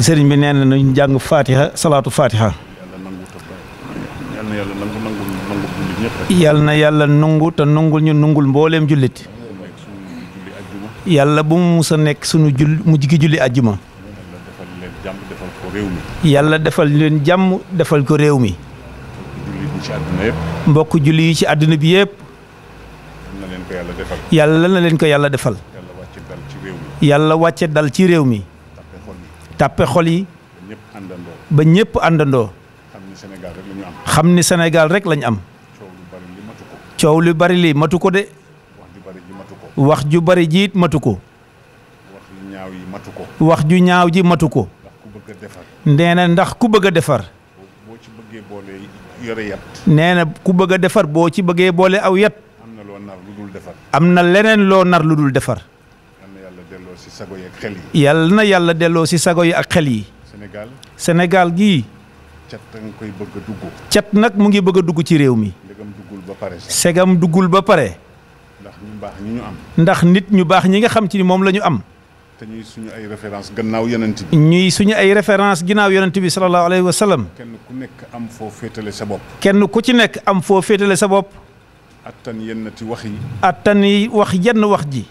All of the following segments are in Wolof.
sëriñ bi nee na jàng fatiha salaatu fatiha. yàlla na yàlla nungu te nungul nungul mbooleem jullit. yàlla bu mu musa nekk sunu jul mujj gi julli àjjuma. yàlla defal leen jàmm defal ko réew mi. mbokk julli yi ci àdduna bi yëpp. yàlla na leen ko yàlla defal. yàlla wàcce dal ci réew mi. tàppe xol yi. ba ñëpp àndandoo. xam ni Sénégal rek lañu am. coow lu bari lii matu ko de. wax ju bari jiit matu ko. wax ju ñaaw ji matu ko. nee na ndax ku bëgg a defar. nee na ku bëgg defar boo ci bëggee boole aw yat. am na leneen loo nar lu dul defar. sago yi ak xel yal na yàlla delloo si sago yi ak xel yi. Sénégal Sénégal gii. cat nag koy bëgg a dugg. cat nag mu ngi bëgg a dugg ci réew mi. segam duggul ba pare. segam duggul ba pare. ndax ñu baax ñu am. ndax nit ñu baax ñi nga xam ci moom la ñu am. te ñuy suñu ay référence gannaaw yonent bi. ñuy suñu ay référence ginnaaw yonent bi sallallahu alayhi wa sallam. kenn ku nekk am foo féetale sa bopp. kenn ku ci nekk am foo féetale sa bopp. attan yenn ti wax yi. attan yi wax yenn wax ji.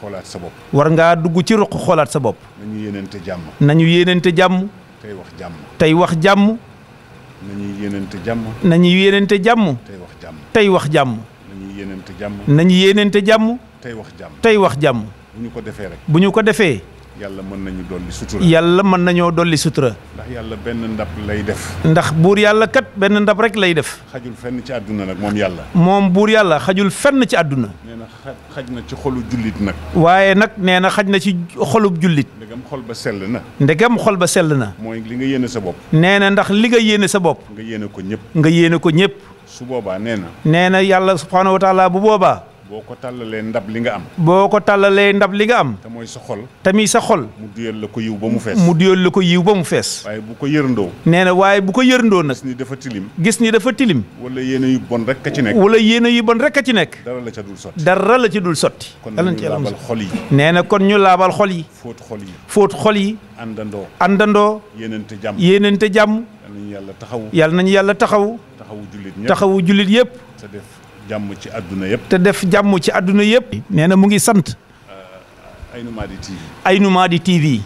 xoolaat sa bopp. war ngaa dugg ci ruq xoolaat sa bopp. nañu yéeneente jàmm. nañu yéeneente jàmm. tey wax jàmm. tey wax jàmm. nañuy yéeneente jàmm. nañuy yéeneente jàmm. tey wax jàmm. tey wax jàmm. nañuy yéeneente jàmm. nañu yéeneente jàmm. tey wax jàmm. tey wax jàmm. bu ñu ko defee rek. bu ñu ko defee. yàlla mën nañu dolli sutura. yàlla mën nañoo dolli sutura. ndax yàlla benn ndab lay def. ndax buur yàlla kat benn ndab rek lay def. xajul fenn ci àdduna nag moom yàlla. moom buur yàlla xajul fenn ci àdduna. nee na xaj na ci xolu jullit nag. waaye nag nee na xaj na ci xolub jullit. ndegam xol ba sell na. ndegam xol ba sell na. mooy li nga yéene sa bopp. nee na ndax li nga yéene sa bopp. nga yéene ko ñëpp. nga yéene ko ñëpp. su boobaa nee na. yàlla subhaanahu wa bu boobaa. boo ko tàllalee ndab li nga am. boo ko tàllalee ndab li nga am. te mooy sa xol. tamit sa xol. mu duyal la ko yiw ba mu fees. mu duyal la ko yiw ba mu fees. waaye bu ko yërëndoo. nee na waaye bu ko yërëndoo nag. gis ni dafa tilim. gis ni dafa tilim. wala yéene yu bon rek ka ci nekk. wala yéene yu bon rek ka ci nekk. dara la ca dul sotti. dara la ci dul sotti. kon ñu laabal xol yi. nee na kon ñu laabal xol yi. fóot xol yi. fóot xol yi. àndandoo. àndandoo. yéenante jàmm yéenante jàmm. yal nañu yàlla taxawu. yal nañu yàlla taxawu. taxawu jullit ñëpp jàmm ci àdduna yëpp. te def jàmm ci àdduna yëpp. nee mu ngi sant. Euh, Aynou madi TV. Aynou madi TV.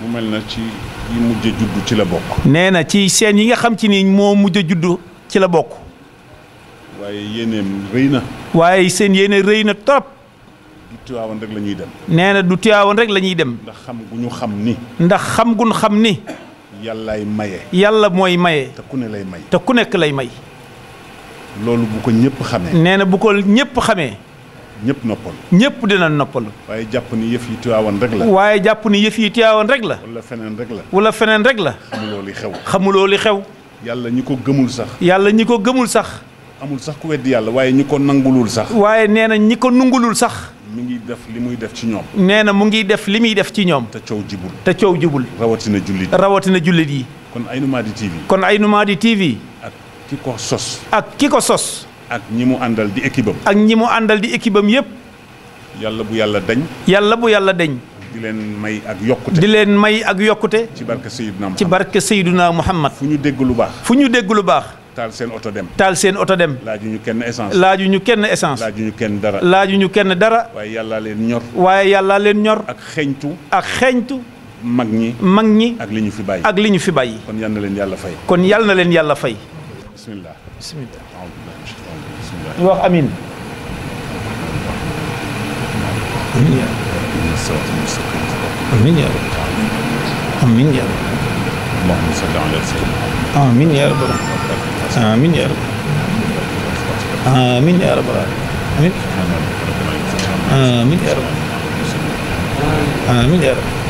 mu mel na ci yi mujj a judd ci la bokk. nee na ci seen yi nga xam ci ni moo mujj a judd ci la bokk. waaye yéeneem rëy na. waaye seen yéene rëy na du Tiwaawan rek la dem. nee du Tiwaawan rek la dem. ndax xam gu xam ni. ndax xam gu xam ni. yàllaay maye. yàlla mooy maye. te ku ne lay may. te ku nekk lay may. loolu bu ko ñëpp xamee. nee na bu ko ñëpp xamee. ñëpp noppal. ñëpp dina noppal. waaye jàpp ni yëf yi Tiwaawan rek la. waaye jàpp ni yëf yi Tiwaawan rek la. wala feneen rek la. wala feneen la. xamuloo li xew. xamuloo li xew. yàlla ñi ko gëmul sax. yàlla ñi ko gëmul sax. amul sax ku weddi yàlla waaye ñi ko nangulul sax. waaye nee na ñi ko nangulul sax. mu ngi def li muy def ci ñoom. nee na mu ngi def li muy def ci ñoom. te coow jibul. te coow jibul. rawatina jullit yi. rawatina jullit yi. ki ko sos. ak ki ko sos. ak ñi mu àndal di équipe am. ak ñi mu àndal di équipe am yëpp. yàlla bu yàlla dañ. yàlla bu yàlla dañ. di leen may ak yokkute. di leen may ak yokkute. ci barke Seydina Muhammad ci barke Seydina Muhammad. fu ñu dégg lu baax. fu ñu dégg lu baax. taal seen oto dem. taal seen oto dem. laajuñu kenn essence. laajuñu kenn essence. laajuñu kenn dara. laajuñu kenn dara. waaye yàllaa leen ñor. waaye yàllaa leen ñor. ak xeeñtu. ak xeeñtu. mag ñi. mag ñi. ak li ñu fi bàyyi. ak li ñu fi bàyyi. kon yal na leen yàlla fay. kon yal na leen yàlla fay. Bismillah. Bismillah. Bismillah. Amin. Amin ya Rabbi. Amin ya Rabbi. Amin ya Allahümme salli ala seyyidina. Amin ya Rabbi. Amin ya Rabbi. Amin ya Rabbi. Amin. Amin ya Rabbi. Amin ya Rabbi.